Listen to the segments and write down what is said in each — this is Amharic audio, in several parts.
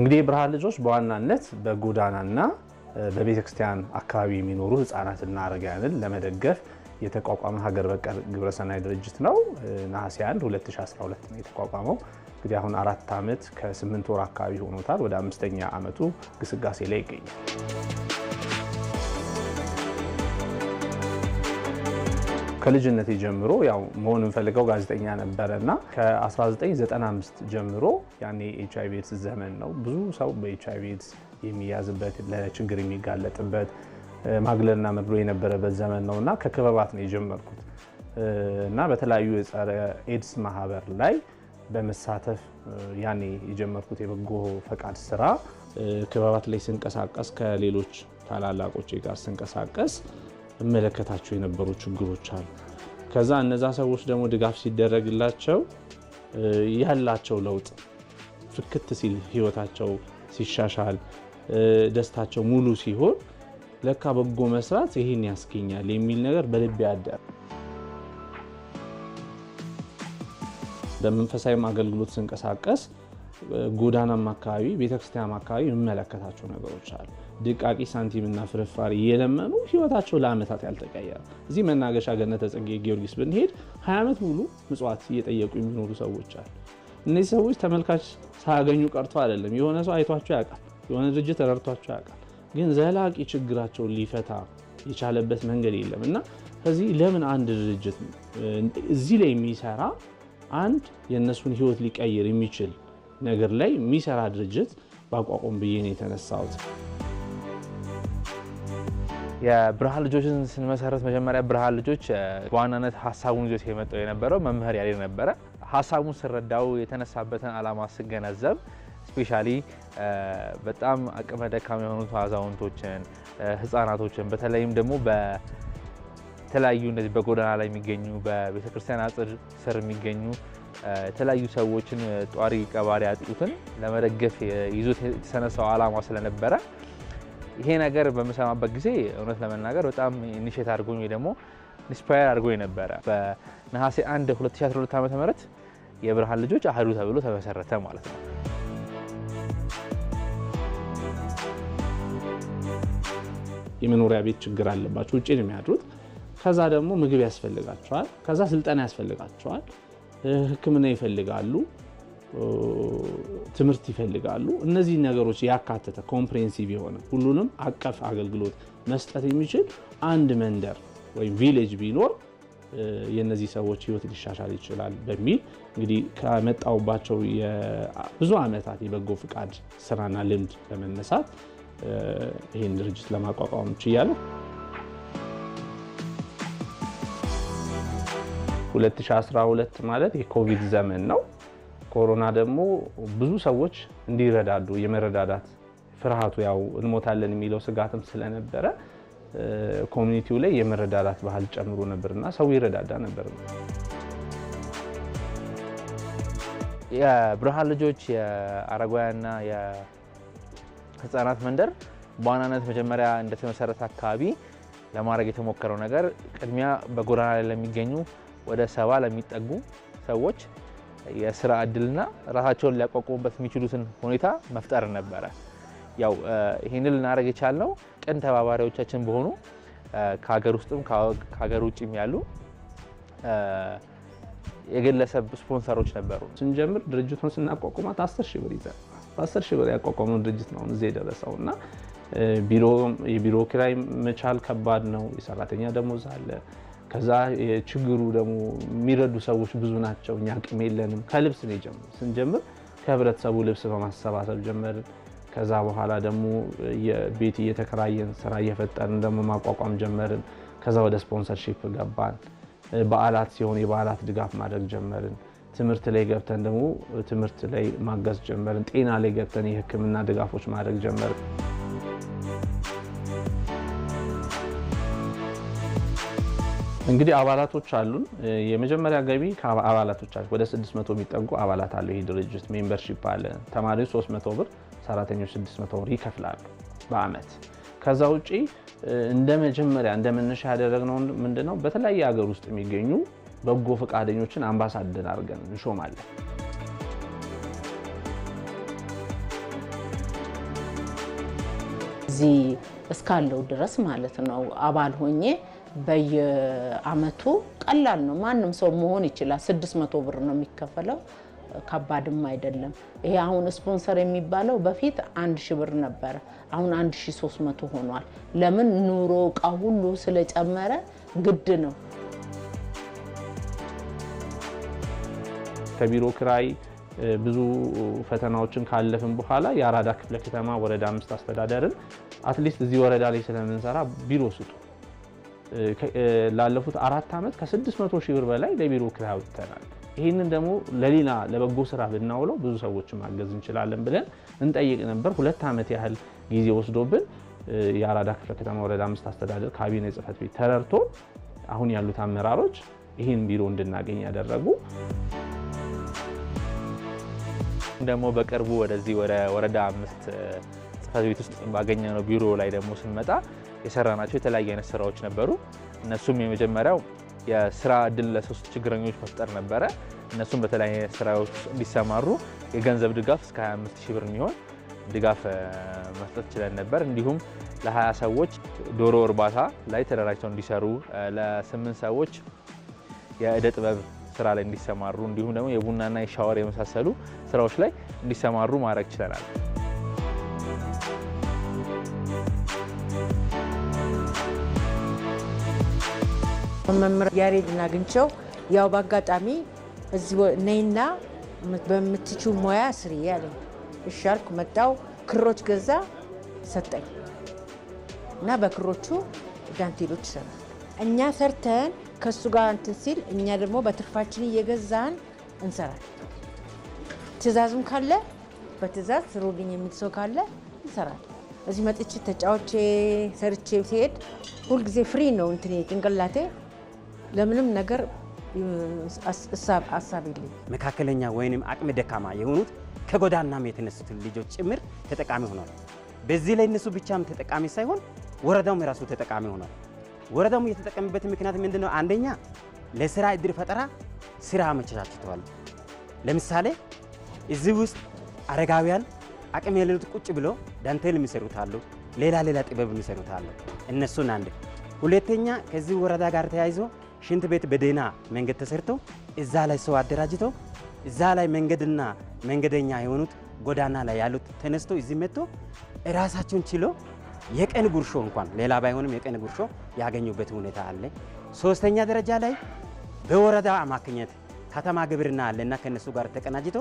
እንግዲህ የብርሃን ልጆች በዋናነት በጎዳናና በቤተክርስቲያን አካባቢ የሚኖሩ ህፃናትና አረጋውያንን ለመደገፍ የተቋቋመ ሀገር በቀል ግብረሰናይ ድርጅት ነው። ነሐሴ 1 2012 ነው የተቋቋመው። እንግዲህ አሁን አራት ዓመት ከስምንት ወር አካባቢ ሆኖታል። ወደ አምስተኛ ዓመቱ ግስጋሴ ላይ ይገኛል። ከልጅነቴ ጀምሮ ያው መሆን የምፈልገው ጋዜጠኛ ነበረ እና ከ1995 ጀምሮ ያኔ ኤች ኤድስ ዘመን ነው። ብዙ ሰው በኤች አይቪ ኤድስ የሚያዝበት ለችግር የሚጋለጥበት ማግለልና መድሎ የነበረበት ዘመን ነው እና ከክበባት ነው የጀመርኩት እና በተለያዩ የጸረ ኤድስ ማህበር ላይ በመሳተፍ ያኔ የጀመርኩት የበጎ ፈቃድ ስራ ክበባት ላይ ስንቀሳቀስ ከሌሎች ታላላቆች ጋር ስንቀሳቀስ እመለከታቸው የነበሩ ችግሮች አሉ። ከዛ እነዛ ሰዎች ደግሞ ድጋፍ ሲደረግላቸው ያላቸው ለውጥ ፍክት ሲል ህይወታቸው ሲሻሻል ደስታቸው ሙሉ ሲሆን ለካ በጎ መስራት ይህን ያስገኛል የሚል ነገር በልቤ ያደረ። በመንፈሳዊም አገልግሎት ስንቀሳቀስ ጎዳናም አካባቢ ቤተክርስቲያንም አካባቢ የምመለከታቸው ነገሮች አሉ። ድቃቂ እና ፍርፋሪ የለመኑ ህይወታቸው ለአመታት ያልተቀየረ እዚህ መናገሻ ገነተ ጽጌ ጊዮርጊስ ብንሄድ ሀያ ዓመት ሙሉ ምጽዋት እየጠየቁ የሚኖሩ ሰዎች አሉ። እነዚህ ሰዎች ተመልካች ሳያገኙ ቀርቶ አይደለም። የሆነ ሰው አይቷቸው ያውቃል፣ የሆነ ድርጅት ረድቷቸው ያውቃል። ግን ዘላቂ ችግራቸውን ሊፈታ የቻለበት መንገድ የለም እና ከዚህ ለምን አንድ ድርጅት እዚህ ላይ የሚሰራ አንድ የእነሱን ህይወት ሊቀይር የሚችል ነገር ላይ የሚሰራ ድርጅት በአቋቋም ብዬ ነው የተነሳሁት። የብርሃን ልጆችን ስንመሰረት መጀመሪያ ብርሃን ልጆች በዋናነት ሀሳቡን ይዞት የመጣው የነበረው መምህር ያሌ ነበረ። ሀሳቡን ስረዳው የተነሳበትን አላማ ስገነዘብ ስፔሻሊ በጣም አቅመ ደካማ የሆኑት አዛውንቶችን፣ ህፃናቶችን በተለይም ደግሞ በተለያዩ እነዚህ በጎዳና ላይ የሚገኙ በቤተክርስቲያን አጥር ስር የሚገኙ የተለያዩ ሰዎችን ጧሪ ቀባሪ ያጡትን ለመደገፍ ይዞት የተሰነሳው አላማ ስለነበረ ይሄ ነገር በምሰማበት ጊዜ እውነት ለመናገር በጣም ኢኒሼት አድርጎኝ ወይ ደግሞ ኢንስፓየር አድርጎኝ ነበረ። በነሐሴ 1 2012 ዓ ም የብርሃን ልጆች አህዱ ተብሎ ተመሰረተ ማለት ነው። የመኖሪያ ቤት ችግር አለባቸው፣ ውጭ ነው የሚያድሩት። ከዛ ደግሞ ምግብ ያስፈልጋቸዋል፣ ከዛ ስልጠና ያስፈልጋቸዋል፣ ሕክምና ይፈልጋሉ። ትምህርት ይፈልጋሉ። እነዚህ ነገሮች ያካተተ ኮምፕሬንሲቭ የሆነ ሁሉንም አቀፍ አገልግሎት መስጠት የሚችል አንድ መንደር ወይም ቪሌጅ ቢኖር የነዚህ ሰዎች ህይወት ሊሻሻል ይችላል በሚል እንግዲህ ከመጣውባቸው ብዙ ዓመታት የበጎ ፍቃድ ስራና ልምድ ለመነሳት ይህን ድርጅት ለማቋቋም ችያለሁ። 2012 ማለት የኮቪድ ዘመን ነው። ኮሮና ደግሞ ብዙ ሰዎች እንዲረዳዱ የመረዳዳት ፍርሃቱ ያው እንሞታለን የሚለው ስጋትም ስለነበረ ኮሚኒቲው ላይ የመረዳዳት ባህል ጨምሮ ነበርና ሰው ይረዳዳ ነበር። የብርሃን ልጆች የአረጋውያንና የህፃናት መንደር በዋናነት መጀመሪያ እንደተመሰረተ አካባቢ ለማድረግ የተሞከረው ነገር ቅድሚያ በጎዳና ላይ ለሚገኙ ወደ ሰባ ለሚጠጉ ሰዎች የስራ እድልና ራሳቸውን ሊያቋቁሙበት የሚችሉትን ሁኔታ መፍጠር ነበረ። ያው ይህንን ልናደርግ የቻልነው ቅን ተባባሪዎቻችን በሆኑ ከሀገር ውስጥም ከሀገር ውጭም ያሉ የግለሰብ ስፖንሰሮች ነበሩ። ስንጀምር ድርጅቱን ስናቋቁማት አስር ሺህ ብር ይዘን በአስር ሺህ ብር ያቋቋመው ድርጅት ነው እዚህ የደረሰው እና የቢሮ ኪራይ መቻል ከባድ ነው። የሰራተኛ ደሞዝ አለ ከዛ የችግሩ ደግሞ የሚረዱ ሰዎች ብዙ ናቸው። እኛ አቅም የለንም። ከልብስ ነው የጀመር ስንጀምር ከህብረተሰቡ ልብስ በማሰባሰብ ጀመርን። ከዛ በኋላ ደግሞ ቤት እየተከራየን ስራ እየፈጠርን ደግሞ ማቋቋም ጀመርን። ከዛ ወደ ስፖንሰርሺፕ ገባን። በዓላት ሲሆን የበዓላት ድጋፍ ማድረግ ጀመርን። ትምህርት ላይ ገብተን ደግሞ ትምህርት ላይ ማገዝ ጀመርን። ጤና ላይ ገብተን የህክምና ድጋፎች ማድረግ ጀመርን። እንግዲህ አባላቶች አሉን። የመጀመሪያ ገቢ ከአባላቶች ወደ 600 የሚጠጉ አባላት አለው ይህ ድርጅት። ሜምበርሺፕ አለ። ተማሪ 300 ብር፣ ሰራተኞች 600 ብር ይከፍላሉ በአመት። ከዛ ውጪ እንደ መጀመሪያ እንደ መነሻ ያደረግነው ምንድነው በተለያየ ሀገር ውስጥ የሚገኙ በጎ ፈቃደኞችን አምባሳደር አድርገን እንሾማለን። እዚህ እስካለው ድረስ ማለት ነው አባል ሆኜ በየአመቱ ቀላል ነው። ማንም ሰው መሆን ይችላል። ስድስት መቶ ብር ነው የሚከፈለው። ከባድም አይደለም። ይሄ አሁን ስፖንሰር የሚባለው በፊት አንድ ሺ ብር ነበረ። አሁን አንድ ሺ ሶስት መቶ ሆኗል። ለምን ኑሮ፣ እቃ ሁሉ ስለጨመረ ግድ ነው። ከቢሮ ክራይ ብዙ ፈተናዎችን ካለፍን በኋላ የአራዳ ክፍለ ከተማ ወረዳ አምስት አስተዳደርን አትሊስት እዚህ ወረዳ ላይ ስለምንሰራ ቢሮ ስጡ ላለፉት አራት ዓመት ከ600 ሺህ ብር በላይ ለቢሮ ክራይ አውጥተናል። ይህንን ደግሞ ለሌላ ለበጎ ስራ ብናውለው ብዙ ሰዎችን ማገዝ እንችላለን ብለን እንጠይቅ ነበር። ሁለት ዓመት ያህል ጊዜ ወስዶብን የአራዳ ክፍለ ከተማ ወረዳ አምስት አስተዳደር ካቢኔ ጽህፈት ቤት ተረድቶ አሁን ያሉት አመራሮች ይህን ቢሮ እንድናገኝ ያደረጉ ደግሞ በቅርቡ ወደዚህ ወደ ወረዳ አምስት ጽሕፈት ቤት ውስጥ ባገኘነው ቢሮ ላይ ደግሞ ስንመጣ የሰራናቸው የተለያዩ አይነት ስራዎች ነበሩ። እነሱም የመጀመሪያው የስራ እድል ለሶስት ችግረኞች መፍጠር ነበረ። እነሱም በተለያዩ አይነት ስራዎች እንዲሰማሩ የገንዘብ ድጋፍ እስከ 25 ሺህ ብር የሚሆን ድጋፍ መስጠት ችለን ነበር። እንዲሁም ለ20 ሰዎች ዶሮ እርባታ ላይ ተደራጅተው እንዲሰሩ፣ ለ8 ሰዎች የእደ ጥበብ ስራ ላይ እንዲሰማሩ፣ እንዲሁም ደግሞ የቡናና የሻወር የመሳሰሉ ስራዎች ላይ እንዲሰማሩ ማድረግ ችለናል። መምህር ያሬድን አግኝቸው ያው በአጋጣሚ እዚህ ነይና በምትችው ሙያ ስሪ ያለኝ። እሺ መጣው ክሮች ገዛ ሰጠኝ እና በክሮቹ ዳንቴሎች ሰራ እኛ ሰርተን ከእሱ ጋር እንትን ሲል እኛ ደግሞ በትርፋችን እየገዛን እንሰራል። ትዕዛዝም ካለ በትዕዛዝ ስሩልኝ የሚል ሰው ካለ እንሰራል። እዚህ መጥቼ ተጫዎቼ ሰርቼ ሲሄድ ሁልጊዜ ፍሪ ነው እንትኔ ጭንቅላቴ ለምንም ነገር አሳብ የለኝም። መካከለኛ ወይንም አቅም ደካማ የሆኑት ከጎዳናም የተነሱት ልጆች ጭምር ተጠቃሚ ሆኗል። በዚህ ላይ እነሱ ብቻም ተጠቃሚ ሳይሆን ወረዳውም የራሱ ተጠቃሚ ሆኗል። ወረዳውም እየተጠቀምበት ምክንያት ምንድን ነው? አንደኛ ለስራ እድር ፈጠራ ስራ አመቻችተዋል። ለምሳሌ እዚህ ውስጥ አረጋውያን አቅም የሌሉት ቁጭ ብሎ ዳንቴል የሚሰሩት አሉ፣ ሌላ ሌላ ጥበብ የሚሰሩት አሉ። እነሱን አንድ ሁለተኛ ከዚህ ወረዳ ጋር ተያይዞ ሽንት ቤት በደህና መንገድ ተሰርቶ እዛ ላይ ሰው አደራጅቶ እዛ ላይ መንገድና መንገደኛ የሆኑት ጎዳና ላይ ያሉት ተነስቶ እዚህ መጥቶ ራሳቸውን ችሎ የቀን ጉርሾ እንኳን ሌላ ባይሆንም የቀን ጉርሾ ያገኙበት ሁኔታ አለ። ሶስተኛ ደረጃ ላይ በወረዳ አማካኝነት ከተማ ግብርና አለና ከነሱ ጋር ተቀናጅቶ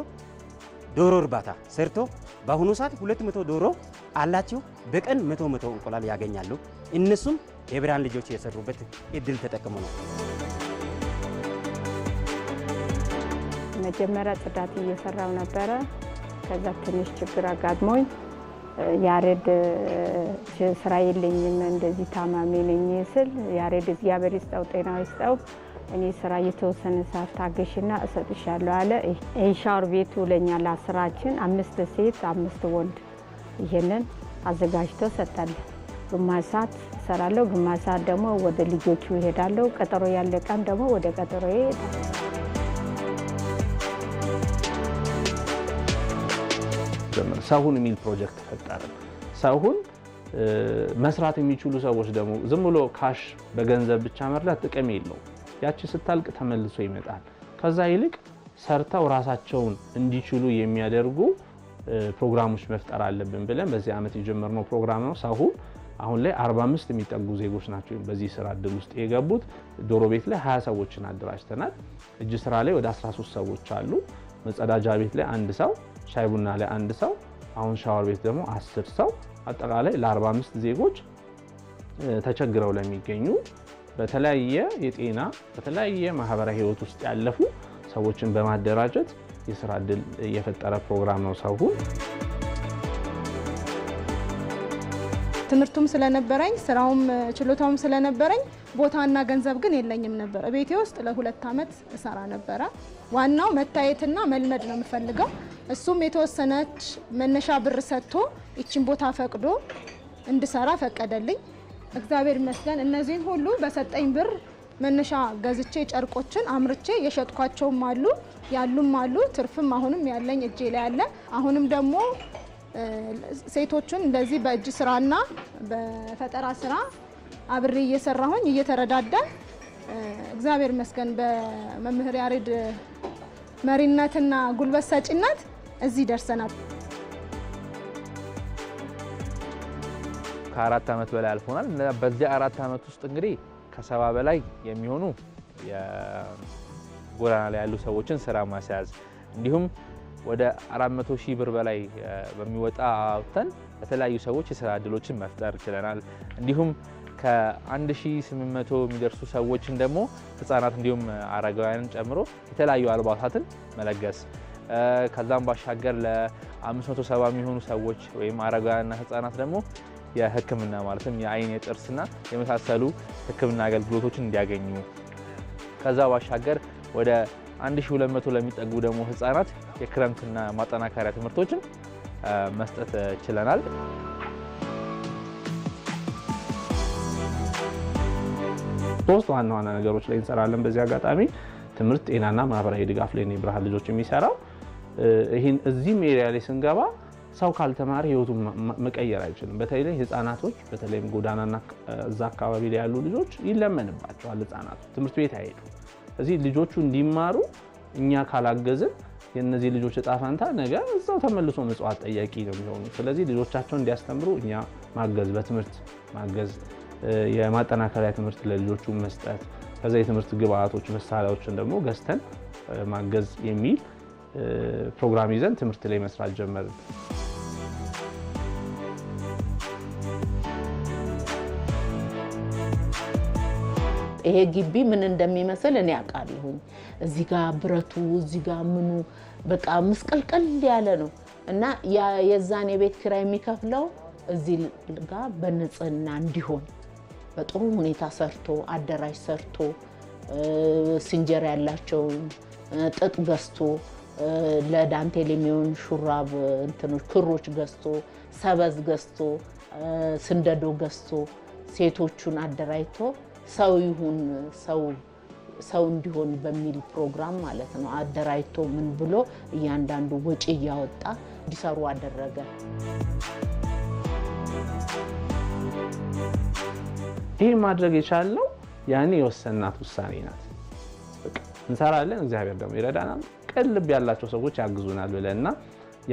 ዶሮ እርባታ ሰርቶ በአሁኑ ሰዓት ሁለት መቶ ዶሮ አላቸው። በቀን መቶ መቶ እንቁላል ያገኛሉ። እነሱም የብርሃን ልጆች የሰሩበት እድል ተጠቅሞ ነው። መጀመሪያ ጽዳት እየሰራው ነበረ። ከዛ ትንሽ ችግር አጋጥሞኝ ያሬድ ስራ የለኝም እንደዚህ ታማሚ ነኝ ስል ያሬድ እግዚአብሔር ይስጠው ጤና ይስጠው እኔ ስራ እየተወሰነ ሰዓት ታገሽና እሰጥሻለሁ አለ። ኢንሻር ቤቱ ለኛ ለስራችን አምስት ሴት አምስት ወንድ ይሄንን አዘጋጅቶ ሰጠለ። ግማሽ ሰዓት እሰራለሁ፣ ግማሽ ሰዓት ደግሞ ወደ ልጆቹ ይሄዳለሁ። ቀጠሮ ያለ ቀን ደግሞ ወደ ቀጠሮ ይሄዳል። ጀመር። ሰሁን የሚል ፕሮጀክት ፈጠረ። ሰሁን መስራት የሚችሉ ሰዎች ደግሞ ዝም ብሎ ካሽ በገንዘብ ብቻ መርዳት ጥቅም የለው ያቺ ስታልቅ ተመልሶ ይመጣል። ከዛ ይልቅ ሰርተው ራሳቸውን እንዲችሉ የሚያደርጉ ፕሮግራሞች መፍጠር አለብን ብለን በዚህ ዓመት የጀመርነው ፕሮግራም ነው ሰሁን። አሁን ላይ 45 የሚጠጉ ዜጎች ናቸው በዚህ ስራ እድል ውስጥ የገቡት። ዶሮ ቤት ላይ 20 ሰዎችን አደራጅተናል። እጅ ስራ ላይ ወደ 13 ሰዎች አሉ። መጸዳጃ ቤት ላይ አንድ ሰው ሻይ ቡና ላይ አንድ ሰው አሁን ሻወር ቤት ደግሞ አስር ሰው አጠቃላይ ለ45 ዜጎች ተቸግረው ለሚገኙ በተለያየ የጤና በተለያየ ማህበራዊ ህይወት ውስጥ ያለፉ ሰዎችን በማደራጀት የስራ እድል የፈጠረ ፕሮግራም ነው ሰው ትምህርቱም ስለነበረኝ ስራውም ችሎታውም ስለነበረኝ ቦታና ገንዘብ ግን የለኝም ነበር። ቤቴ ውስጥ ለሁለት ዓመት እሰራ ነበረ። ዋናው መታየትና መልመድ ነው የምፈልገው። እሱም የተወሰነች መነሻ ብር ሰጥቶ ይችን ቦታ ፈቅዶ እንድሰራ ፈቀደልኝ። እግዚአብሔር ይመስገን እነዚህን ሁሉ በሰጠኝ ብር መነሻ ገዝቼ ጨርቆችን አምርቼ የሸጥኳቸውም አሉ ያሉም አሉ። ትርፍም አሁንም ያለኝ እጄ ላይ አለ። አሁንም ደግሞ ሴቶችን እንደዚህ በእጅ ስራና በፈጠራ ስራ አብሬ እየሰራሁኝ እየተረዳዳ እግዚአብሔር ይመስገን በመምህር ያሬድ መሪነትና ጉልበት ሰጪነት እዚህ ደርሰናል። ከአራት ዓመት በላይ አልፎናል። በዚህ አራት ዓመት ውስጥ እንግዲህ ከሰባ በላይ የሚሆኑ የጎዳና ላይ ያሉ ሰዎችን ስራ ማስያዝ እንዲሁም ወደ 400 ሺህ ብር በላይ በሚወጣ አውጥተን ለተለያዩ ሰዎች የስራ እድሎችን መፍጠር ችለናል። እንዲሁም ከ1800 የሚደርሱ ሰዎችን ደግሞ ህጻናት እንዲሁም አረጋውያንን ጨምሮ የተለያዩ አልባሳትን መለገስ ከዛም ባሻገር ለ570 የሚሆኑ ሰዎች ወይም አረጋውያንና ህጻናት ደግሞ የህክምና ማለትም የአይን የጥርስና የመሳሰሉ ህክምና አገልግሎቶችን እንዲያገኙ ከዛ ባሻገር ወደ 1200 ለሚጠጉ ደግሞ ህጻናት የክረምትና ማጠናከሪያ ትምህርቶችን መስጠት ችለናል። ሶስት ዋና ዋና ነገሮች ላይ እንሰራለን። በዚህ አጋጣሚ ትምህርት፣ ጤናና ማህበራዊ ድጋፍ ላይ ብርሃን ልጆች የሚሰራው ይህን እዚህም ኤሪያ ላይ ስንገባ ሰው ካልተማረ ህይወቱን መቀየር አይችልም። በተለይ ህፃናቶች በተለይም ጎዳናና እዛ አካባቢ ላይ ያሉ ልጆች ይለመንባቸዋል። ህፃናቱ ትምህርት ቤት አይሄዱም። እዚህ ልጆቹ እንዲማሩ እኛ ካላገዝን የእነዚህ ልጆች እጣ ፈንታ ነገ እዛው ተመልሶ ምጽዋት ጠያቂ ነው የሚሆኑ። ስለዚህ ልጆቻቸውን እንዲያስተምሩ እኛ ማገዝ፣ በትምህርት ማገዝ፣ የማጠናከሪያ ትምህርት ለልጆቹ መስጠት፣ ከዛ የትምህርት ግብአቶች መሳሪያዎችን ደግሞ ገዝተን ማገዝ የሚል ፕሮግራም ይዘን ትምህርት ላይ መስራት ጀመርን። ይሄ ግቢ ምን እንደሚመስል እኔ አውቃለሁኝ። እዚህ ጋ ብረቱ፣ እዚህ ጋ ምኑ በቃ ምስቀልቀል ያለ ነው እና የዛን የቤት ኪራይ የሚከፍለው እዚህ ጋ በንጽህና እንዲሆን በጥሩ ሁኔታ ሰርቶ አደራጅ ሰርቶ ስንጀር ያላቸውን ጥጥ ገዝቶ ለዳንቴል የሚሆን ሹራብ እንትኖች ክሮች ገዝቶ ሰበዝ ገዝቶ ስንደዶ ገዝቶ ሴቶቹን አደራጅቶ ሰው ይሁን ሰው ሰው እንዲሆን በሚል ፕሮግራም ማለት ነው። አደራጅቶ ምን ብሎ እያንዳንዱ ወጪ እያወጣ እንዲሰሩ አደረገ። ይህን ማድረግ የቻልነው ያኔ የወሰናት ውሳኔ ናት። እንሰራለን፣ እግዚአብሔር ደግሞ ይረዳናል፣ ቅን ልብ ያላቸው ሰዎች ያግዙናል ብለና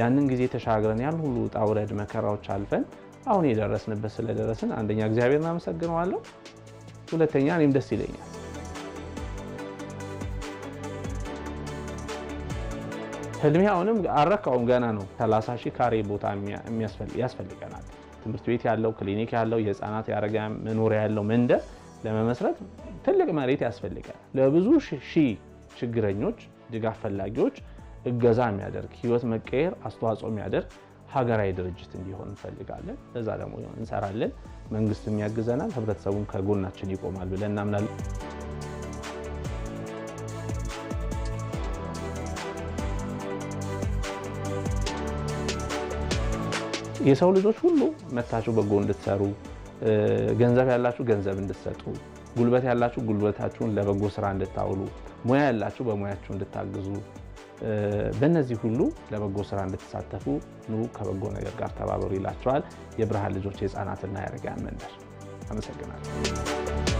ያንን ጊዜ ተሻግረን ያን ሁሉ ውጣ ውረድ መከራዎች አልፈን አሁን የደረስንበት ስለደረስን አንደኛ እግዚአብሔር አመሰግነዋለሁ። ሁለተኛ እኔም ደስ ይለኛል። ህልሜ አሁንም አረካውም ገና ነው። 30 ሺህ ካሬ ቦታ ያስፈልገናል። ትምህርት ቤት ያለው፣ ክሊኒክ ያለው፣ የህፃናት ያረጋ መኖሪያ ያለው መንደር ለመመስረት ትልቅ መሬት ያስፈልጋል። ለብዙ ሺህ ችግረኞች፣ ድጋፍ ፈላጊዎች እገዛ የሚያደርግ ህይወት መቀየር አስተዋጽኦ የሚያደርግ ሀገራዊ ድርጅት እንዲሆን እንፈልጋለን። ለዛ ደግሞ እንሰራለን። መንግስትም ያግዘናል፣ ህብረተሰቡም ከጎናችን ይቆማል ብለን እናምናለን። የሰው ልጆች ሁሉ መታችሁ በጎ እንድትሰሩ፣ ገንዘብ ያላችሁ ገንዘብ እንድትሰጡ፣ ጉልበት ያላችሁ ጉልበታችሁን ለበጎ ስራ እንድታውሉ፣ ሙያ ያላችሁ በሙያችሁ እንድታግዙ በእነዚህ ሁሉ ለበጎ ስራ እንድትሳተፉ ኑ ከበጎ ነገር ጋር ተባበሩ ይላቸዋል የብርሃን ልጆች የህፃናትና ያረጋን መንደር። አመሰግናለሁ።